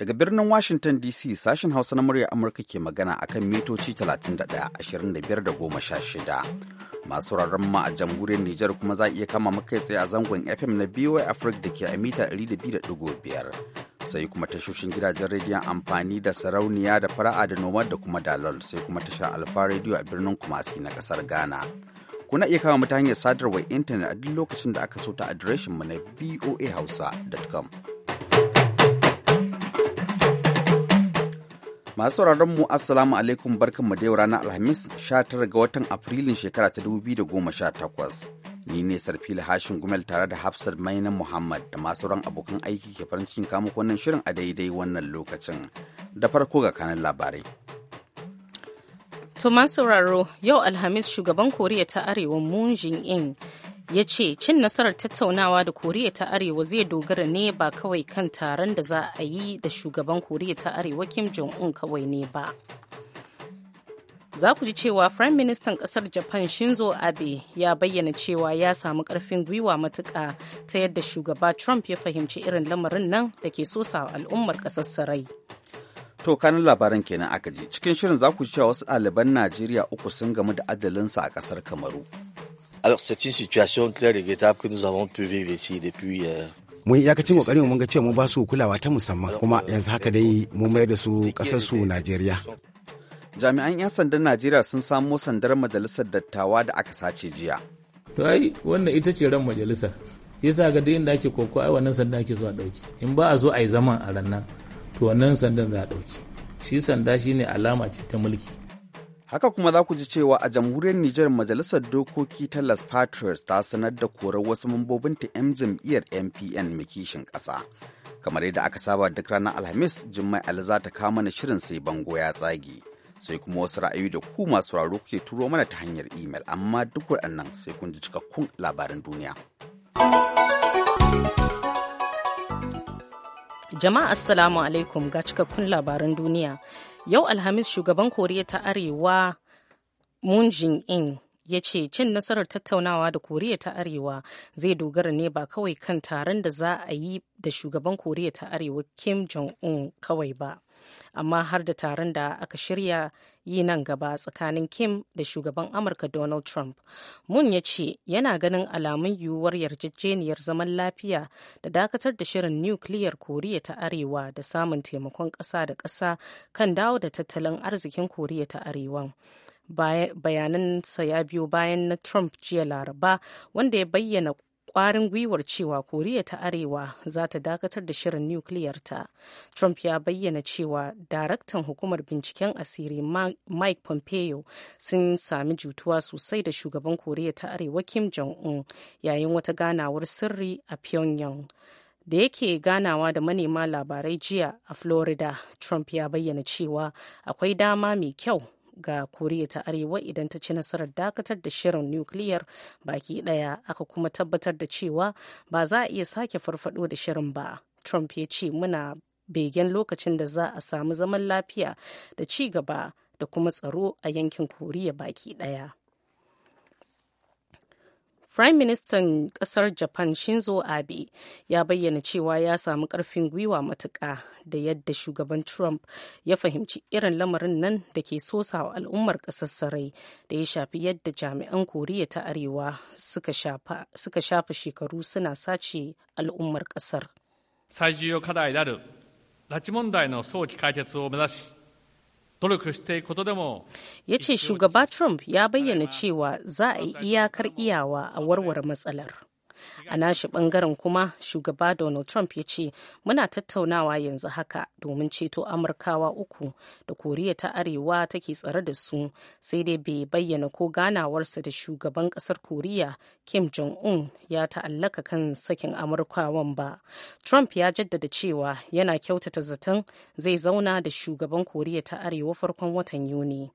Daga birnin Washington DC sashen Hausa na murya Amurka ke magana a kan mitoci 31, 25 da 16. Masu rarren ma a jamhuriyar Nijar kuma za a iya kama makai tsaye a zangon FM na BOA Africa da ke a mita 200.5. Sai kuma tashoshin gidajen rediyon amfani da sarauniya da fara'a da noma da kuma dalol sai kuma tashar Alfa rediyo a birnin Kumasi na kasar Ghana. Kuna iya kama mutane hanyar sadarwar intanet a duk lokacin da aka so ta adireshin mu na voahausa.com. Masu sauraron mu Assalamu alaikum barkan mu da yau ranar Alhamis 19 ga watan Afrilun shekara ta 2018. Ni ne Sarfila Hashin Gumel tare da hafsar Mainan Muhammad da masu ran abokan aiki ke farin cikin kamu wannan shirin a daidai wannan lokacin. Da farko ga kanan labarai. To sauraro yau Alhamis shugaban Koriya ta Arewa Moon jin in ya ce cin nasarar tattaunawa da koriya ta arewa zai dogara ne ba kawai kan taron da za a yi da shugaban koriya ta arewa kim jong-un kawai ne ba za ku ji cewa firayim ministan kasar japan shinzo abe ya bayyana cewa ya samu karfin gwiwa matuka ta yadda shugaba trump ya fahimci irin lamarin nan da ke sosawa al'ummar kasar sarai To kanin labaran kenan aka ji cikin shirin za ku ji cewa wasu ɗaliban Najeriya uku sun gamu da adalinsa a ƙasar Kamaru. Alors c'est une situation très regrettable que nous avons pu vivre ici depuis euh, mun yi iyakacin kokarin mun ga cewa mun ba su kulawa ta musamman kuma euh, yanzu haka dai mun mayar da su kasar su Najeriya. Jami'an 'yan sandan Najeriya sun samo sandar majalisar dattawa da aka sace jiya. To ai wannan ita ce ran majalisar. Yasa ga dai inda ake koko ai wannan sanda ake zuwa dauki. In ba a zo ai zaman a ran nan to wannan sandan za a dauki. Shi sanda shine alama ce ta mulki. Haka kuma za ku ji cewa a jamhuriyar Nijar Majalisar Dokoki ta Las patras ta sanar da korar wasu mambobin ta 'yan jam'iyyar MPN mai kishin ƙasa. Kamar yadda aka saba duk ranar Alhamis, Jummai Ali za ta kama na shirin sai bango ya tsage. Sai kuma wasu ra'ayi da ku masu raro kuke turo mana ta hanyar imel, amma duk waɗannan sai kun ji cikakkun labaran duniya. Jama'a Assalamu alaikum ga cikakkun labaran duniya. Yau Alhamis shugaban Koriya ta Arewa Moon jin in ya ce cin nasarar tattaunawa da koriya ta arewa zai dogara ne ba kawai kan taron da za a yi da shugaban koriya ta arewa kim jong-un kawai ba amma har da taron da aka shirya yi nan gaba tsakanin kim da shugaban amurka donald trump mun ya ce yana ganin alamun yiwuwar yarjejeniyar zaman lafiya da dakatar da shirin nukiliyar koriya ta arewa da samun taimakon ƙasa da ƙasa kan dawo da tattalin arzikin koriya ta bayanan bayanansa ya biyo bayan na trump jiya laraba wanda ya bayyana kwarin gwiwar cewa koriya ta arewa za ta dakatar da shirin nukiliyarta trump ya bayyana cewa daraktan hukumar binciken asiri mike pompeo sun sami jutuwa sosai da shugaban koriya ta arewa kim jong-un yayin wata ganawar sirri a pyongyang da yake ganawa da manema labarai jiya a florida trump ya bayyana cewa akwai dama mai kyau ga koriya ta arewa idan ta ci nasarar dakatar da shirin nukiliyar baki daya aka kuma tabbatar da cewa ba za a iya sake farfado da shirin ba trump ya ce muna begen lokacin da za a samu zaman lafiya da ci gaba da kuma tsaro a yankin koriya baki daya Prime Minister kasar Japan Shinzo Abe ya bayyana cewa ya samu karfin gwiwa matuƙa da yadda shugaban Trump ya fahimci irin lamarin nan da ke sosawa al'ummar ƙasar sarai da ya shafi yadda jami'an Koriya ta Arewa suka shafa shekaru suna sace al'ummar ƙasar. 最重要課題である拉致問題の早期解決を目指し Ya ce shugaba Trump ya bayyana cewa za a yi iyakar iyawa a warware matsalar. a nashi bangaren kuma shugaba donald trump ya ce muna tattaunawa yanzu haka domin ceto amurkawa uku da koriya ta arewa take tsare da su sai dai bai bayyana ko ganawarsa da shugaban kasar koriya kim jong-un ya ta'allaka kan sakin amurkawan ba trump ya jaddada cewa yana kyautata zaton zai zauna da shugaban koriya ta arewa farkon watan yuni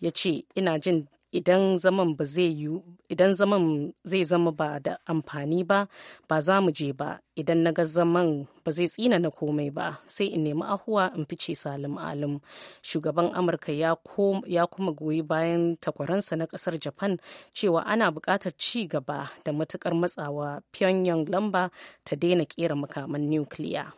ya ce ina jin idan zaman ba zai yi idan zaman zai zama ba da amfani ba ba za mu je ba idan na ga zaman ba zai tsina na komai ba sai in nemi ahuwa in fice salim alim shugaban amurka ya kuma goyi bayan takwaransa na kasar japan cewa ana buƙatar ci gaba da matukar matsawa pyongyang lamba ta daina kera makaman nukiliya.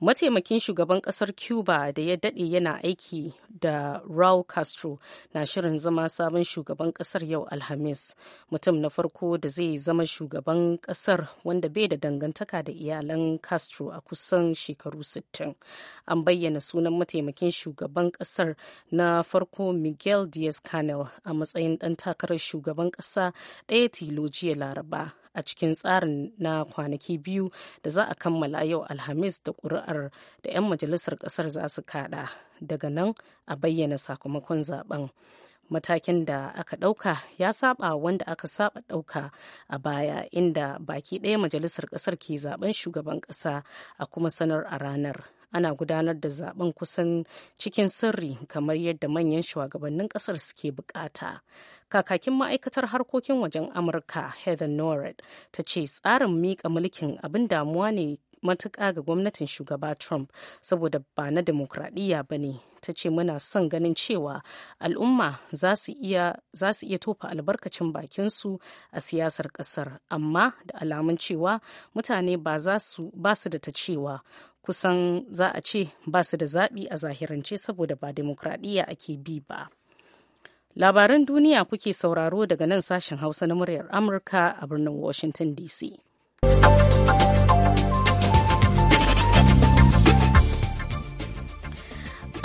mataimakin shugaban kasar cuba da ya dade yana aiki da raul castro na shirin zama sabon shugaban kasar yau alhamis mutum na farko da zai zama shugaban kasar wanda bai da dangantaka da iyalan castro a kusan shekaru 60 an bayyana sunan mataimakin shugaban kasar na farko miguel diaz canel a matsayin dan takarar shugaban kasa daya tilo jiya laraba a cikin tsarin na kwanaki biyu da za a kammala yau alhamis da ƙuri'ar da 'yan majalisar ƙasar za su kada daga nan a bayyana sakamakon zaben matakin da aka ɗauka ya saba wanda aka saba ɗauka a baya inda baki ɗaya majalisar ƙasar ke zaben shugaban ƙasa a kuma sanar a ranar ana gudanar da zaben kusan cikin sirri kamar yadda manyan shugabannin kasar suke bukata kakakin ma'aikatar harkokin wajen amurka heather norad ta ce tsarin miƙa mulkin abin damuwa ne matuƙa ga gwamnatin shugaba trump saboda ba na demokradiyya ba ne ta ce muna son ganin cewa al'umma za su iya tofa albarkacin bakinsu a siyasar ƙasar amma da alamun cewa mutane ba su da ta cewa kusan za a ce ba su da zaɓi a zahirance saboda ba demokradiyya ake bi ba. Labaran duniya kuke sauraro daga nan sashen Hausa na muryar Amurka a birnin Washington DC.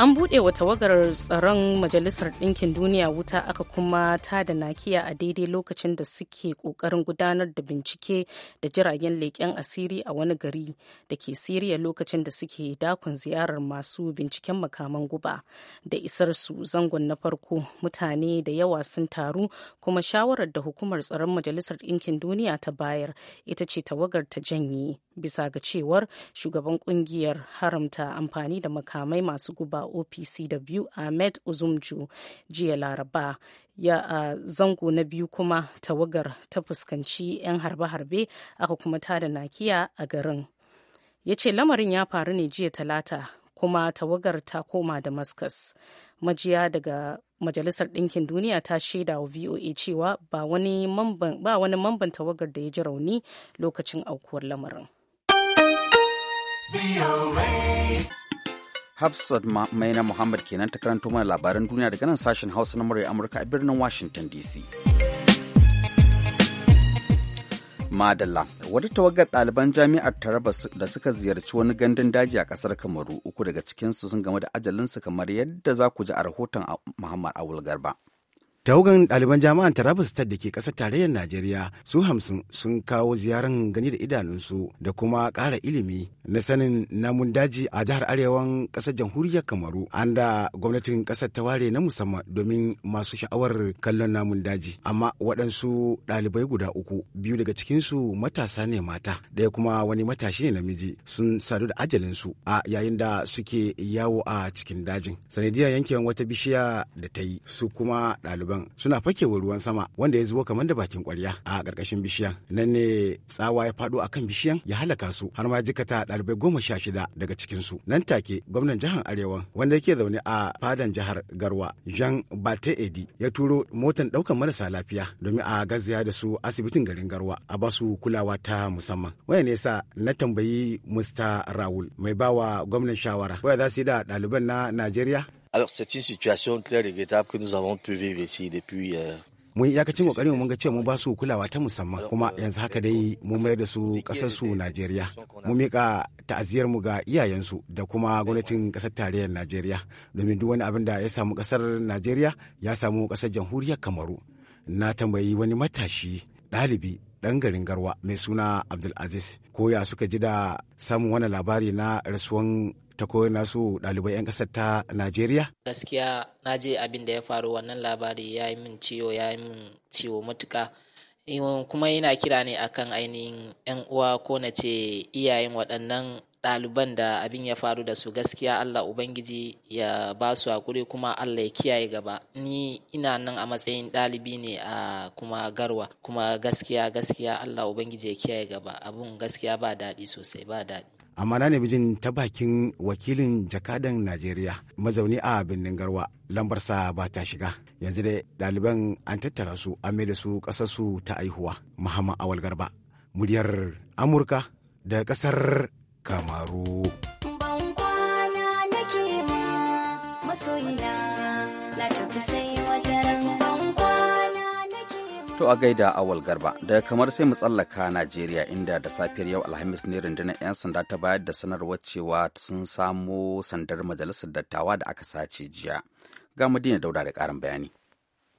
an buɗe wa tawagar tsaron majalisar ɗinkin duniya wuta aka kuma ta da nakiya a daidai lokacin da suke ƙoƙarin gudanar da bincike da jiragen leƙen asiri a wani gari da ke siriya lokacin da suke dakun ziyarar masu binciken makaman guba da isar su zangon na farko mutane da yawa sun taru kuma shawarar da hukumar tsaron majalisar ɗinkin duniya ta bayar ita ce tawagar ta janye bisa ga cewar shugaban kungiyar haramta amfani da makamai masu guba opcw ahmed uzumju jiya laraba ya a zango na biyu kuma tawagar ta fuskanci 'yan harbe-harbe aka kuma tada nakiya a garin ya ce lamarin ya faru ne jiya talata kuma tawagar ta koma damascus majiya daga majalisar ɗinkin duniya ta shaida wa voa cewa ba wani mamban tawagar da ya ji rauni lokacin aukuwar lamarin Hafsat Maina Muhammad kenan ta karanto mana labaran duniya daga nan sashen Hausa na murya Amurka a birnin Washington DC. Madalla, wata tawagar ɗaliban jami'ar Taraba da suka ziyarci wani gandun daji a ƙasar Kamaru, uku daga cikinsu sun game da ajalinsu kamar yadda za ku ji a rahoton Muhammad Awul Garba. Tawagan ɗaliban jami'an Tarabas ta da ke ƙasar tarayyar Najeriya su hamsin sun kawo ziyaran gani da idanunsu da kuma ƙara ilimi na sanin namun daji a jihar arewan ƙasar jamhuriyar Kamaru an da gwamnatin ƙasar ta ware na musamman domin masu sha'awar kallon namun daji. Amma waɗansu ɗalibai guda uku biyu daga cikinsu matasa ne mata ɗaya kuma wani matashi ne namiji sun sadu da ajalinsu a yayin da suke yawo a cikin dajin. Sanadiyar yankewan wata bishiya da ta yi su kuma ɗalibai daban suna fakewa ruwan sama wanda ya zubo kamar da bakin kwarya a ƙarƙashin bishiyan nan ne tsawa ya faɗo akan bishiyan ya halaka su har ma jikata ɗalibai goma sha shida daga cikinsu nan take gwamnan jihar arewa wanda yake zaune a fadan jihar garwa jean bate edi ya turo motan ɗaukan marasa lafiya domin a gaziya da su asibitin garin garwa a ba su kulawa ta musamman waya ne sa na tambayi musta rawul mai bawa gwamnan shawara waya za su yi da ɗaliban na najeriya Alors c'est une situation très regrettable que nous avons pu vivre ici depuis euh, mun iyakacin kokarin mun ga cewa mun ba su kulawa ta musamman kuma euh, yanzu haka dai mun mayar da su kasar su Najeriya mun mika ta'aziyar mu ga iyayensu da kuma gwamnatin kasar tarayyar Najeriya domin duk wani abin da ya samu kasar Najeriya ya samu kasar jamhuriyar Kamaru na tambayi wani matashi dalibi dan garin garwa mai suna Aziz ko ya suka ji da samun wani labari na rasuwan ta koyar nasu ɗalibai 'yan ƙasar ta Najeriya? Gaskiya na je abin da ya faru wannan labari ya yi min ciwo ya yi min ciwo matuka. kuma yana kira ne akan ainihin 'yan uwa ko na ce iyayen waɗannan ɗaliban da abin ya faru da su gaskiya Allah Ubangiji ya ba su hakuri kuma Allah ya kiyaye gaba ni ina nan a matsayin ɗalibi ne a kuma garwa kuma gaskiya gaskiya Allah Ubangiji ya kiyaye gaba abun gaskiya ba daɗi sosai ba daɗi amma na nemi jin ta bakin wakilin jakadan Najeriya mazauni a birnin garwa lambarsa ba ta shiga yanzu dai ɗaliban an tattara su an mai da su ƙasarsu ta aihuwa Muhammad Awal Garba muryar Amurka da ƙasar kamaru to a gaida awal garba daga kamar sai mu tsallaka najeriya inda da safiyar yau alhamis ne rundunar 'yan sanda ta bayar da sanarwar cewa sun samo sandar majalisar dattawa da aka sace jiya ga madina daura da karin bayani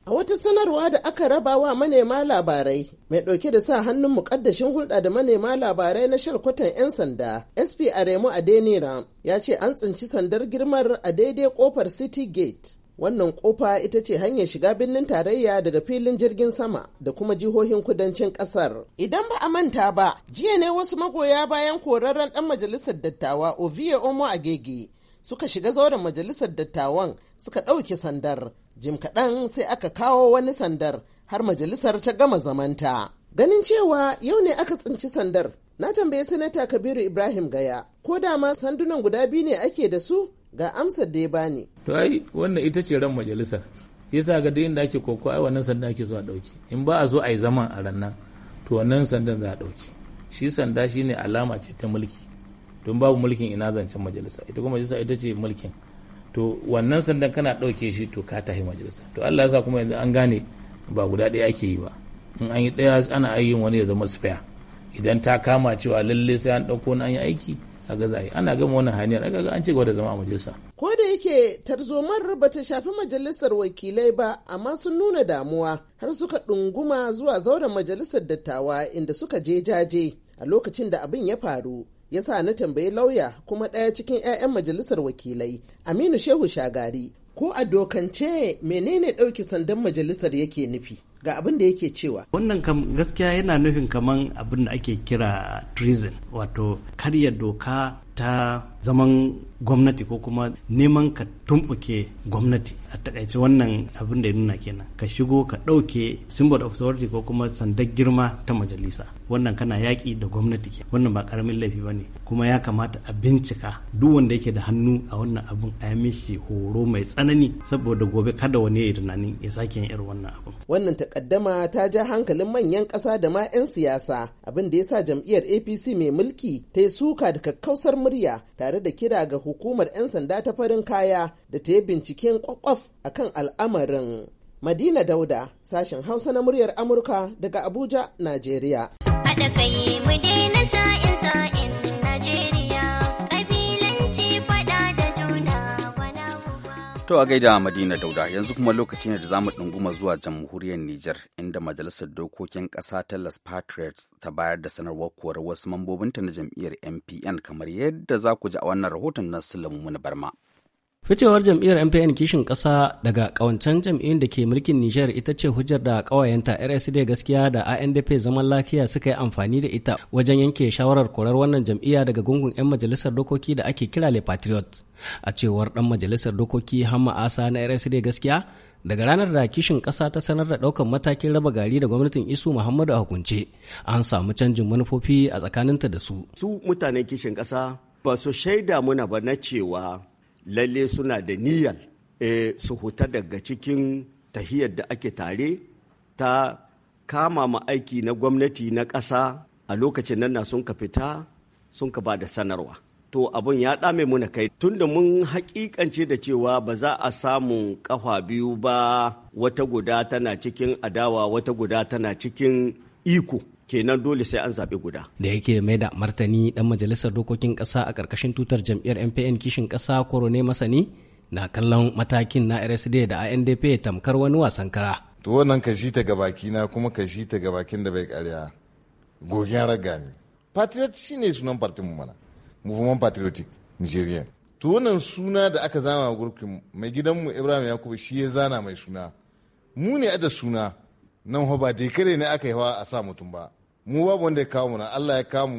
A wata sanarwa da aka raba wa manema labarai mai ɗauke da sa hannun mukaddashin hulɗa da manema labarai na shalkwatan 'yan sanda SP Aremu denira ya ce an tsinci sandar girmar a daidai kofar City Gate. Wannan ƙofa ita ce hanyar shiga birnin tarayya daga filin jirgin sama da kuma jihohin kudancin ƙasar. Idan ba a manta ba, jiya ne wasu magoya bayan korarren ɗan majalisar dattawa Ovie Omo Agege suka shiga zauren majalisar dattawan suka ɗauke sandar jim kaɗan sai aka kawo wani sandar har majalisar ta gama zamanta ganin cewa yau ne aka tsinci sandar na tambayi sanata kabiru ibrahim gaya ko dama sandunan guda biyu ne ake da su ga amsar da ya bani to ai wannan ita ce ran majalisar yasa ga duk inda ake koko ai wannan sanda ake zuwa dauki in ba a zo a yi zaman a ran nan to wannan sandan za a dauki shi sanda shine alama ce ta mulki don babu mulkin ina zancen majalisa ita kuma majalisa ita ce mulkin to wannan sandan kana ɗauke shi to ka tahi majalisa to Allah ya sa kuma yanzu an gane ba guda ɗaya ake yi ba in an yi ɗaya ana ayyin wani ya zama spare idan ta kama cewa lalle sai an ɗauko wani an yi aiki a gaza yi ana gama wani hanyar aka ga an ci gaba da zama a majalisa. ko da yake tarzomar ba ta shafi majalisar wakilai ba amma sun nuna damuwa har suka ɗunguma zuwa zauren majalisar dattawa inda suka je jaje a lokacin da abin ya faru ya sa na tambayi lauya kuma ɗaya cikin 'ya'yan majalisar wakilai aminu shehu shagari ko a dokance menene ɗauki sandan majalisar yake nufi ga abin da yake cewa wannan gaskiya yana nufin kaman abin da ake kira treason wato karya doka ta zaman gwamnati ko kuma neman ka tumbuke gwamnati a takaice wannan abin da ya nuna kenan ka shigo ka ɗauke symbol of authority ko kuma sandar girma ta majalisa wannan kana yaƙi da gwamnati ke wannan ba karamin laifi ba ne kuma ya kamata a bincika duk wanda yake da hannu a wannan abin a yi mishi horo mai tsanani saboda gobe kada wani ya yi tunani ya sake yin irin wannan abin. wannan takaddama ta ja hankalin manyan ƙasa da ma 'yan siyasa abin da ya sa jam'iyyar apc mai mulki ta yi suka da kakkausar murya tare da kira ga hukumar 'yan sanda ta farin kaya da ta yi binciken kwakwaf kan al'amarin Madina Dauda, sashen Hausa na muryar Amurka daga Abuja, Najeriya. haɗa kai mu daina sa'in sa'in Najeriya ƙabilanci faɗa da juna wana To a gaida Madina Dauda yanzu kuma lokaci ne da za mu ɗunguma zuwa jamhuriyar Nijar inda majalisar dokokin ƙasa ta Las Patriots ta bayar da sanarwar korar wasu mambobinta na jam'iyyar MPN kamar yadda za ku ji a wannan rahoton na Sulaimu Barma. Ficewar jam'iyyar MPN kishin Kasa, daga ƙawancen jam'iyyun da ke mulkin Nijar ita ce hujjar da kawayenta RSD gaskiya da ANDP zaman lafiya suka yi amfani da ita wajen yanke shawarar korar wannan jam'iyya daga gungun 'yan majalisar dokoki da ake kira Le Patriot. A cewar ɗan majalisar dokoki Hamma Asa na RSD gaskiya, daga ranar da kishin kasa ta sanar da ɗaukar matakin raba gari da gwamnatin Isu Muhammadu a hukunce, an samu canjin manufofi a tsakaninta da su. Su mutanen kishin ƙasa ba su shaida muna ba na cewa lalle suna da niyyar e, su huta daga cikin tahiyar da ake tare ta kama ma aiki na gwamnati na ƙasa a lokacin nan na sun ka fita sun ka ba da sanarwa to abin ya ɗame muna kai tunda mun haƙiƙance da cewa ba za a samu ƙafa biyu ba wata guda tana cikin adawa wata guda tana cikin iko kenan dole sai an zaɓi guda. Da yake mai da martani ɗan majalisar dokokin ƙasa a ƙarƙashin tutar jam'iyyar MPN kishin ƙasa korone masani na kallon matakin na RSD da ANDP tamkar wani wasan kara. To wannan kashi ta gabaki na kuma kashi ta gabakin da bai ƙarya gogin raga ne. Patriot shi ne sunan partin mu mana. Movement Patriotic Nigeria. To wannan suna da aka zama a gurkin mai gidanmu Ibrahim Yakubu shi ya zana mai suna. Mu ne a da suna nan ba dai kare ne aka yi wa a sa mutum ba mu babu wanda ya kawo mu Allah ya kamu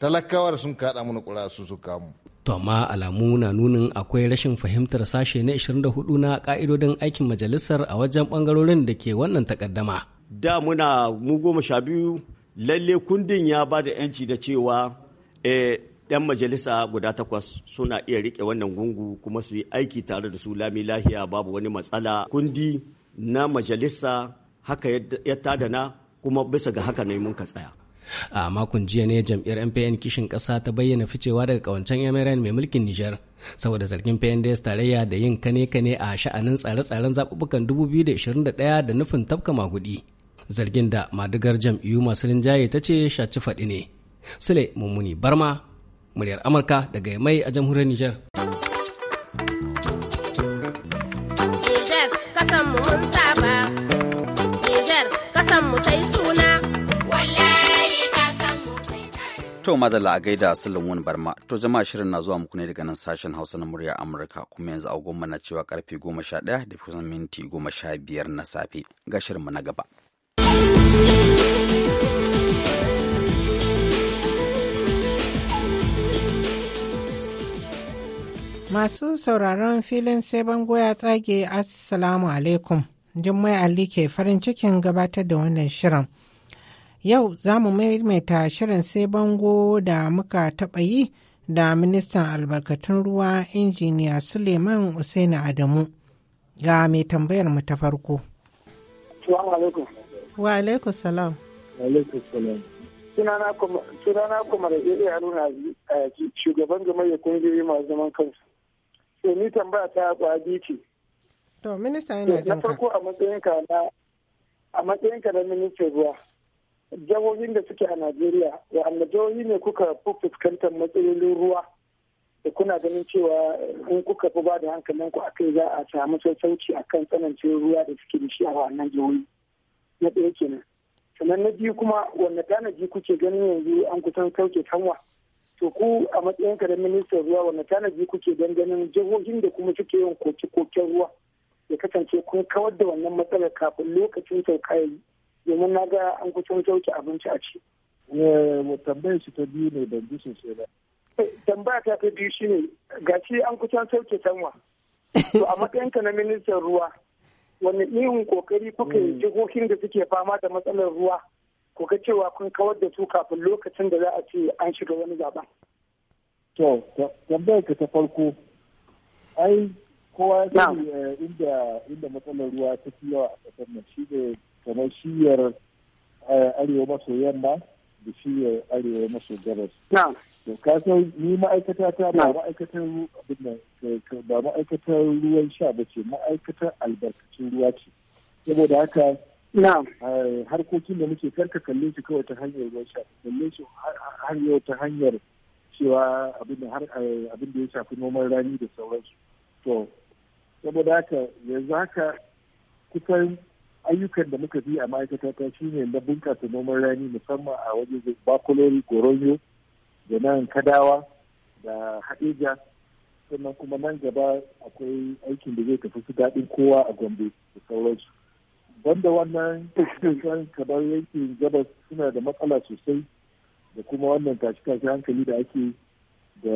talakawa da sun kaɗa mana ƙura su su kamu. To amma alamu na nunin akwai rashin fahimtar sashe na 24 na ka'idodin aikin majalisar a wajen ɓangarorin da ke wannan takaddama. Da muna mu goma sha biyu lalle kundin ya ba da 'yanci da cewa ɗan eh, majalisa guda takwas suna iya rike wannan gungu kuma su yi aiki tare da su lami lahiya babu wani matsala. Kundi na majalisa haka ya tada na kuma bisa ga haka ne mun ka tsaya a makon jiya ne jam'iyyar mpn kishin ƙasa ta bayyana ficewa daga kawancen mrn mai mulkin nijar saboda zargin pnds tarayya da yin kane-kane a sha'anin tsare-tsaren zaɓuɓɓukan 2021 da nufin tafka magudi zargin da madigar jam'iyyu masu rinjaye ta ce shaci faɗi ne sule mummuni barma muryar amurka daga mai a jamhuriyar nijar To madalla a gaida wani Barma. To jama'a shirin na zuwa muku ne daga nan sashen Hausa na murya Amurka kuma yanzu goma na cewa karfe goma sha ɗaya da kusan minti goma sha biyar na safe. Ga shirinmu na gaba. Masu sauraron filin sai bango ya tsage Assalamu alaikum. Jummai Ali ke farin cikin gabatar da wannan shirin. Yau za mu maimaita shirin sai bango da muka taɓa yi da ministan albarkatun ruwa injiniya Suleiman Usaini Adamu ga mai tambayar mu ta farko. Wa alaikum salam. Wa alaikum Sunana kuma da iya haruna a eh, shugaban gamayyar kungiyoyi masu zaman kansu. So ni tambaya ta kwabi ce. To minista yana jinka. Na farko a matsayinka na a matsayinka na ministan ruwa. jihohin da suke a najeriya wa'anda jihohi ne kuka fi fuskantar matsalolin ruwa da kuna ganin cewa in kuka fi ba da hankalin ku akai za a samu sassauci akan tsanancin ruwa da suke da shi a wannan jihohi na ɗaya kenan sannan na biyu kuma wanne tanaji kuke ganin yanzu an kusan sauke kanwa to ku a matsayin ka da ministan ruwa wanne tanaji kuke don ganin jihohin da kuma suke yin koke-koken ruwa ya kasance kun kawar da wannan matsalar kafin lokacin sauka ya yi domin na ga an kusan sauke abinci a ci. Eh, tambayar shi ta biyu ne ban ji sosai ba. Eh, tambaya ta ta biyu shi ne ga shi an kusan sauke sanwa. To a matsayinka na ministan ruwa wani ihun kokari kuka yi hmm. jihohin da suke fama da matsalar ruwa ko ka cewa kun kawar da su kafin lokacin da za a ce an shiga wani zaben. To tambayar ka ta farko ai kowa ya eh, inda inda matsalar ruwa ta fi yawa a ƙasar nan shi ne kamar shiyar eh, arewa maso yamma da shiyar arewa maso gabas. Da kasar ni ma'aikata ta ba ma'aikatar eh, ba ma'aikatar ruwan sha ba ce ma'aikatar albarkacin ruwa ce. Saboda haka eh, harkokin da muke karka kalle shi kawai ta hanyar ruwan sha kalle shi har ta hanyar cewa abin da ya shafi noman rani da sauransu. To saboda haka yanzu haka kusan ayyukan da muka bi a ma'aikata ta shine na bunƙasa noman rani musamman a wajen bakulori goronyo da nan kadawa da haɗeja sannan kuma nan gaba akwai aikin da zai tafi su daɗin kowa a gombe da sauransu banda wannan kusan kamar yankin gabas suna da matsala sosai da kuma wannan tashi-tashi hankali da ake da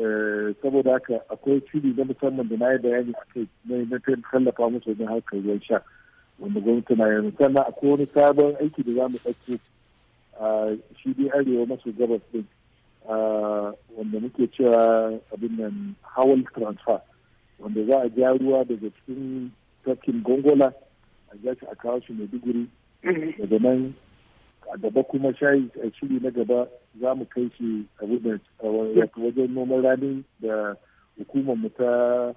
eh, saboda haka akwai shiri na musamman da na yi bayani a kai na tallafa musu wajen harkar ruwan sha wanda gwamnati na yanzu sannan a wani sabon aiki da za mu ɗauke shi dai arewa maso gabas din wanda muke cewa abin nan hawal transfer wanda za a ja ruwa daga cikin tafkin gongola a ja shi a kawo shi maiduguri daga nan a gaba kuma shayi a shiri na gaba za mu kai shi abin wajen noman rani da hukumar mu ta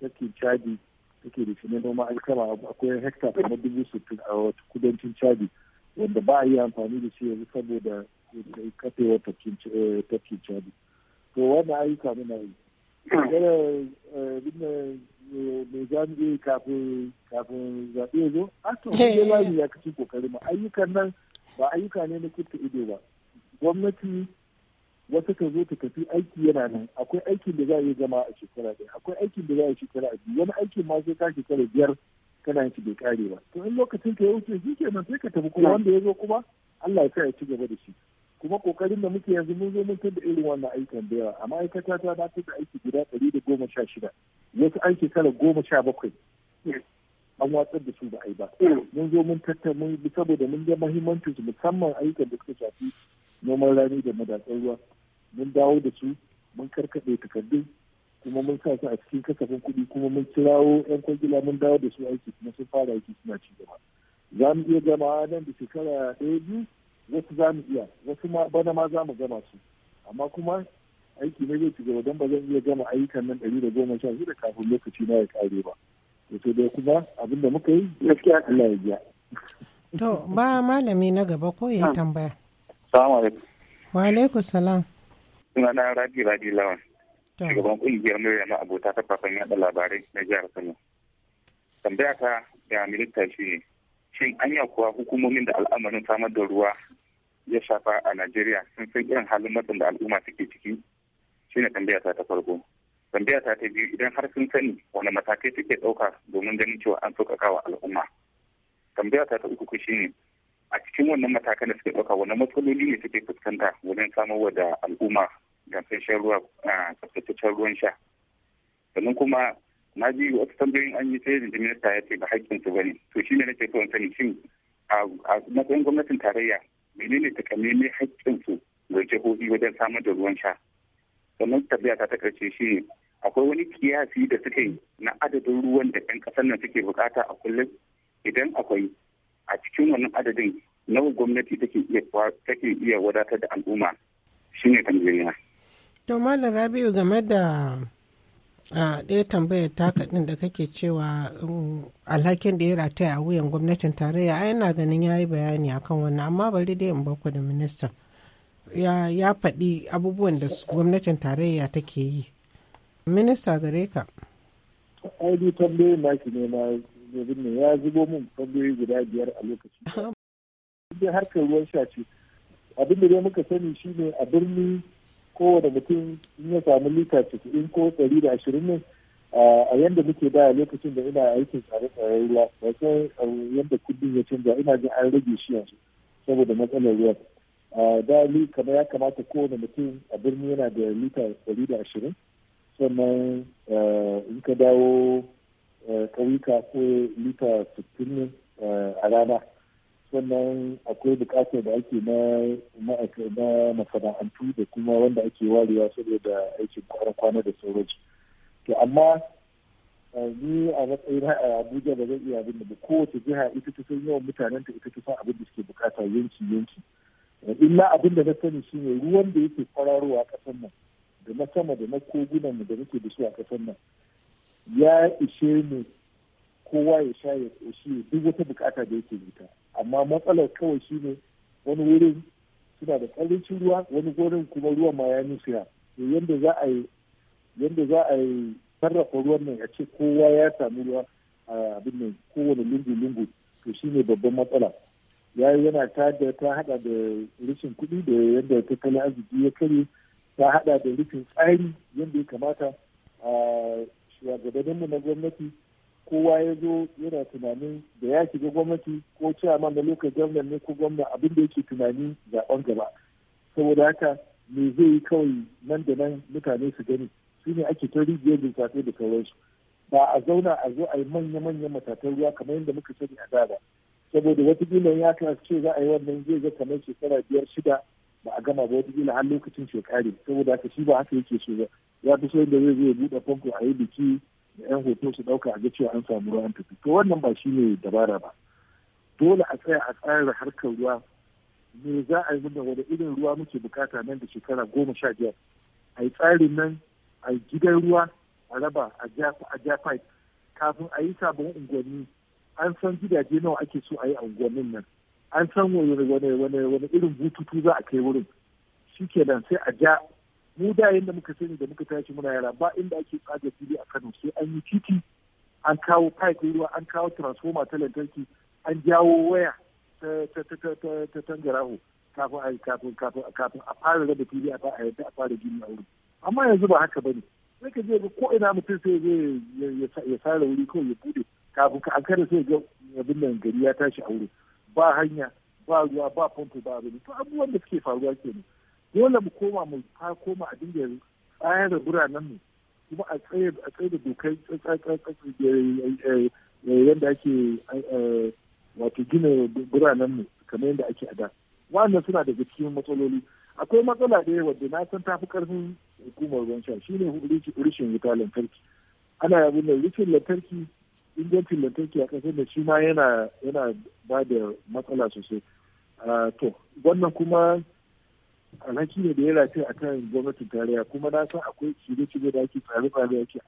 tafkin chadi suke da shi na noma an akwai hekta kamar dubu sittin a wata kudancin caji. wanda ba a yi amfani da shi yanzu saboda kafewar tafkin caji. Eh, to wannan ayyuka muna yi eh, eh, mai jami'i kafin zaɓe ya zo a to ya kaci kokari ma ayyukan nan ba ayyuka ne na kuta ido ba gwamnati wata ka zo ta tafi aiki yana nan akwai aikin da za a yi zama a shekara ɗaya akwai aikin da za a yi shekara biyu wani aikin ma sai ka shekara biyar kana yin shi bai kare ba to in lokacin ka ya wuce shi kenan sai ka tafi kuma wanda ya zo kuma Allah ya sa ya ci gaba da shi kuma kokarin da muke yanzu mun zo mun tada irin wannan aikin da yawa a ma'aikata ta na tada aiki guda ɗari da goma sha shida wasu an kala goma sha bakwai an watsar da su ba a yi ba mm. mun zo mun tattauna saboda mun ga mahimmancin musamman ayyukan da suka shafi noman rani da madatsar ruwa mun dawo da su mun karkaɗe takardu kuma mun sa su a cikin kasafin kuɗi kuma mun kirawo 'yan kwangila mun dawo da su aiki kuma sun fara aiki suna ci gaba za mu iya gama nan da shekara ɗaya biyu wasu za mu iya wasu bana ma za mu gama su amma kuma aiki na zai ci gaba don ba zan iya gama ayyukan nan ɗari da goma sha da kafin lokaci na ya ƙare ba to da kuma abin da muka yi gaskiya Allah ya biya to ba malami na gaba ko ya ah. tambaya Salamu alaikum. Wa alaikum salam. Sunana Rabi Rabi Lawan. Shugaban kungiyar murya na abota ta kafin yada labarai na jihar Kano. Tambaya ta ga milita shi ne. Shin anya kuwa hukumomin da al'amarin samar da ruwa ya shafa a Najeriya sun san irin halin matsin da al'umma suke ciki? Shi ne tambaya ta ta farko. Tambaya ta ta biyu idan har sun sani wani matakai suke ɗauka domin ganin cewa an sauƙaƙa wa al'umma. Tambaya ta ta uku shi ne a cikin wannan matakan da suke ɗauka wani matsaloli ne suke fuskanta wajen samarwa da al'umma gamsasshen ruwa tsaftataccen ruwan sha sannan kuma na ji wasu tambayoyin an yi sai da minista ya ce ba haƙƙinsu ba ne to shi ne nake so in sani shin a matsayin gwamnatin tarayya menene hakkin su ga jihohi wajen samar da ruwan sha sannan tafiya ta ta shi ne akwai wani kiyasi da suka yi na adadin ruwan da 'yan ƙasar nan suke bukata a kullum idan akwai a cikin wannan adadin nawa gwamnati take iya wadatar da al'umma shine tambayoyina to malam rabi'u game da ɗaya tambayar taka ɗin da kake cewa um, alhakin da ya rataya a wuyan gwamnatin tarayya ai na ganin ya yi bayani akan wannan amma bari dai in baku da minista ya faɗi abubuwan da gwamnatin tarayya take yi minista gare ka ai ne na gobin ne ya zubo mun fagoyi guda biyar a lokaci dai harkar ruwan sha ce abin da dai muka sani shine a birni kowane mutum in ya samu lita cikin ko ɗari da ashirin ne a yanda muke da lokacin da ina aikin tsare tsare ruwa ba sai yanda kudin ya canza ina jin an rage shi yanzu saboda matsalar ruwa da kama ya kamata kowane mutum a birni yana da lita ɗari da ashirin sannan in ka dawo Eh, ƙauyuka ko lita sittin eh, a rana sannan akwai bukatar da ake na masana'antu da kuma wanda ake warewa saboda aikin kwana da sauransu to amma eh, ni a matsayin a abuja ba zai iya abin da kowace jiha ita ta san yawan mutanen ta ita ta san abin da suke bukata yanki yanki illa abin da na sani shi ne ruwan da yake kwararowa a ƙasar nan da na sama da na kogunan da muke da su a ƙasar nan ya ishe mu kowa ya sha ya ƙoshi duk wata bukata da yake wuta amma matsalar kawai shine wani wurin suna da ƙarancin ruwa wani gurin kuma ruwa ma ya nufiya to yadda za a yi yadda za a yi sarrafa ruwan nan a ce kowa ya samu ruwa a abin nan kowane lungu-lungu to shine babban matsala ya yana ta da ta hada da rashin kuɗi da yadda tattalin arziki ya karye ta hada da rufin tsari yadda ya kamata ya mu na gwamnati kowa ya zo yana tunanin da ya shiga gwamnati ko ciyaman da lokacin gwamnati ne ko gwamna abin da yake tunani ban gaba saboda haka me zai yi kawai nan da nan mutane su gani su ne ake ta rijiyar lissafi da sauransu ba a zauna a zo a yi manya-manyan matatan ruwa kamar yadda muka sani a da ba saboda gina ya ka ce za a yi wannan zai ga kamar shekara biyar shida ba a gama ba wata gina har lokacin shekari saboda haka shi ba haka yake so ba ya fi so da zai zai buɗe fanko a yi biki da yan hoto su ɗauka a ga cewa an samu ruwa an tafi to wannan ba shi ne dabara ba dole a tsaya a tsara harkar ruwa me za a yi da wani irin ruwa muke bukata nan da shekara goma sha biyar a yi tsarin nan a yi gidan ruwa a raba a ja pipe kafin a yi sabon unguwanni an san gidaje nawa ake so a yi a unguwannin nan an san wani irin bututu za a kai wurin shi shikenan sai a ja mu da yadda muka sani da muka tashi muna yara ba inda ake tsaga fili a Kano sai an yi titi an kawo pipe ruwa an kawo transformer ta lantarki an jawo waya ta tangaraho kafin kafin kafin a fara raba fili a fara yadda a fara gini a amma yanzu ba haka bane sai ka je ko ina mutum sai zai ya sare wuri kawai ya bude kafin ka an kada sai ga abin nan gari ya tashi a wuri ba hanya ba ruwa ba famfo ba abin to abubuwan da suke faruwa kenan dole mu koma mu ta koma a dinga tsayar biranen mu kuma a tsaye a tsaye da dokai yadda ake eh, eh, wato gina biranen mu kamar yadda ake a da wannan suna da cikin matsaloli akwai matsala da yawa da na san ta fi karfin hukumar ruwan sha shine rishin wuta lantarki ana yabo da rishin lantarki ingancin lantarki a kasar da shi ma yana ba da matsala sosai ah, to wannan kuma alhaki ne da ya rafi a kan gwamnatin tarayya kuma na san akwai shirye-shirye da ake tsare-tsare ake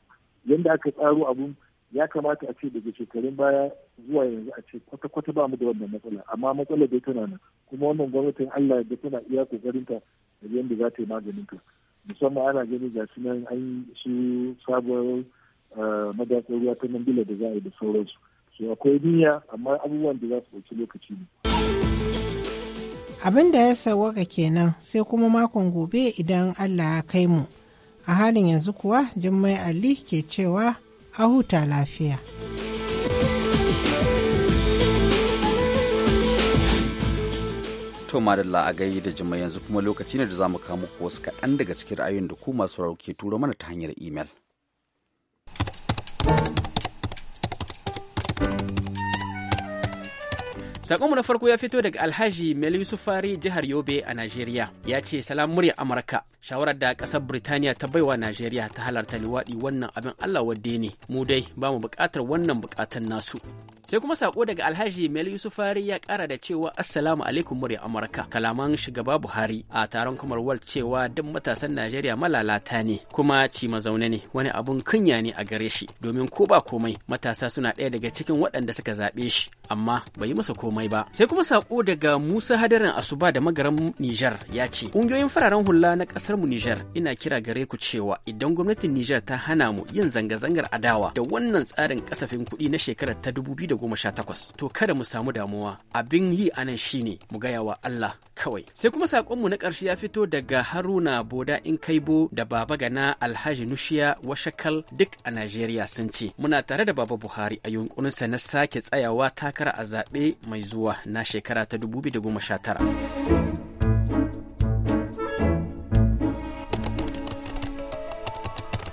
yadda aka tsaro abun ya kamata a ce daga shekarun baya zuwa yanzu a ce kwata-kwata ba mu da wannan matsala amma matsalar dai tana nan kuma wannan gwamnatin Allah da tana iya kokarin ta da yadda za ta yi maganin ta musamman ana ganin ga su nan an su sabuwar eh, madatsar ruwa ta nan da za a yi da sauransu so akwai duniya amma abubuwan da za su ɗauki lokaci ne abin da ya sawaka kenan sai kuma makon gobe idan allah ya kai mu a halin yanzu kuwa jummai ali ke cewa a huta lafiya. to madalla a gai da jimai yanzu kuma lokaci ne da za mu kawo wasu kaɗan daga cikin ra'ayoyin da ku masu ke turo mana ta hanyar imel. Sakonmu na farko ya fito daga Alhaji Mel Yusufari jihar Yobe a Najeriya. Ya ce salam murya Amurka. Shawarar da ƙasar Birtaniya ta baiwa Najeriya ta halarta liwaɗi wannan abin Allah wadde ne. Mu dai ba mu buƙatar wannan buƙatar nasu. Sai kuma sako daga Alhaji Mel Yusufari ya ƙara da cewa Assalamu alaikum murya Amurka. Kalaman shugaba Buhari a taron Commonwealth cewa duk matasan Najeriya malalata ne kuma ci mazaune ne wani abun kunya ne a gare shi domin ko ba komai matasa suna ɗaya daga cikin waɗanda suka zaɓe shi amma bai yi masa komai ba sai kuma sako daga musa hadarin asuba da magaran nijar ya ce ƙungiyoyin fararen hula na ƙasar mu nijar ina kira gare ku cewa idan gwamnatin nijar ta hana mu yin zanga-zangar adawa da wannan tsarin kasafin kuɗi na shekarar ta 2018 to kada mu samu damuwa abin yi anan shine mu gaya wa Allah kawai sai kuma sakon mu na ƙarshe ya fito daga haruna boda in kaibo da baba gana alhaji nushiya washakal duk a najeriya sun ce muna tare da baba buhari a yunkurinsa na sake tsayawa ta takara a zaɓe mai zuwa na shekara ta 2019.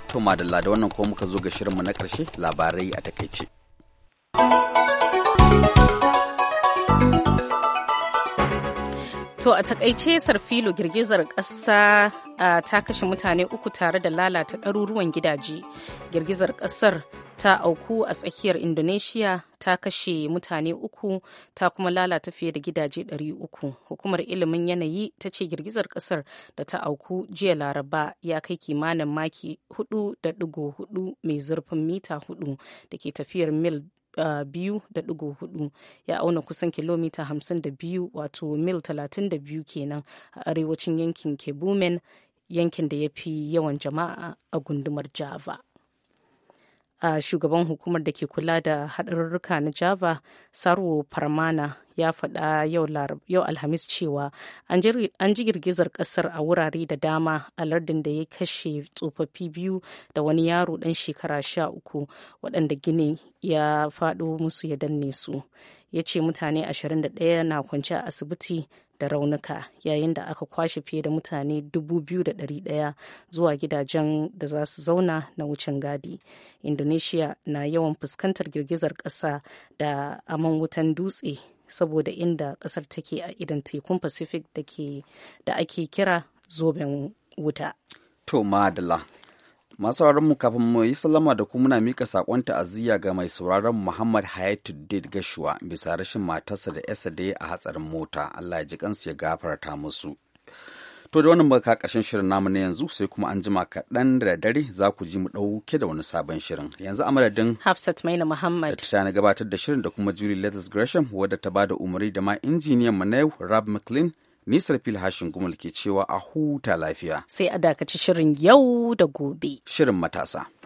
To da da wannan ko muka zo ga shirinmu na ƙarshe labarai a takaice. To a takaice sarfilo girgizar ƙasa ta kashe mutane uku tare da lalata ɗaruruwan gidaje. Girgizar ƙasar ta auku a tsakiyar Indonesia ta kashe mutane uku ta kuma lalata fiye da gidaje 300 hukumar ilimin yanayi ta ce girgizar kasar da ta auku jiya laraba ya kai kimanin maki 4.4 mai zurfin mita 4 da ke tafiyar mil biyu da ya auna kusan kilomita hamsin wato mil talatin da biyu kenan a arewacin yankin kebumen yankin da ya fi yawan jama'a a gundumar java a shugaban hukumar da ke kula da haɗarurruka na java sarwo farmana ya faɗa yau alhamis cewa an ji girgizar ƙasar a wurare da dama a lardin da ya kashe tsofaffi biyu da wani yaro ɗan shekara sha uku waɗanda gini ya faɗo musu ya danne su ya ce mutane 21 na kwance a asibiti da raunuka yayin da aka kwashe fiye da mutane 2,100 zuwa gidajen da za su zauna na wucin gadi indonesia na yawan fuskantar girgizar ƙasa da aman wutan dutse saboda inda ƙasar take a idan tekun pacific da ake kira zoben wuta to madala masu mu kafin mu yi sallama da kuma muna mika sakon ta'aziyya ga mai sauraron Muhammad Hayatuddin Gashuwa bisa rashin matarsa da yasa da a hatsarin mota. Allah ya ji kansu ya gafarta musu. To da wannan baka karshen shirin namu na yanzu sai kuma an jima kaɗan da dare za ku ji mu ɗauke da wani sabon shirin. Yanzu a madadin Hafsat Maina Muhammad da ta gabatar da shirin da kuma Julie Letters Gresham wadda ta bada umarni da ma injiniyan mu na yau Rab McLean Nisar fil hashin gumal ke cewa a huta lafiya. Sai a dakaci shirin yau da gobe. Shirin matasa.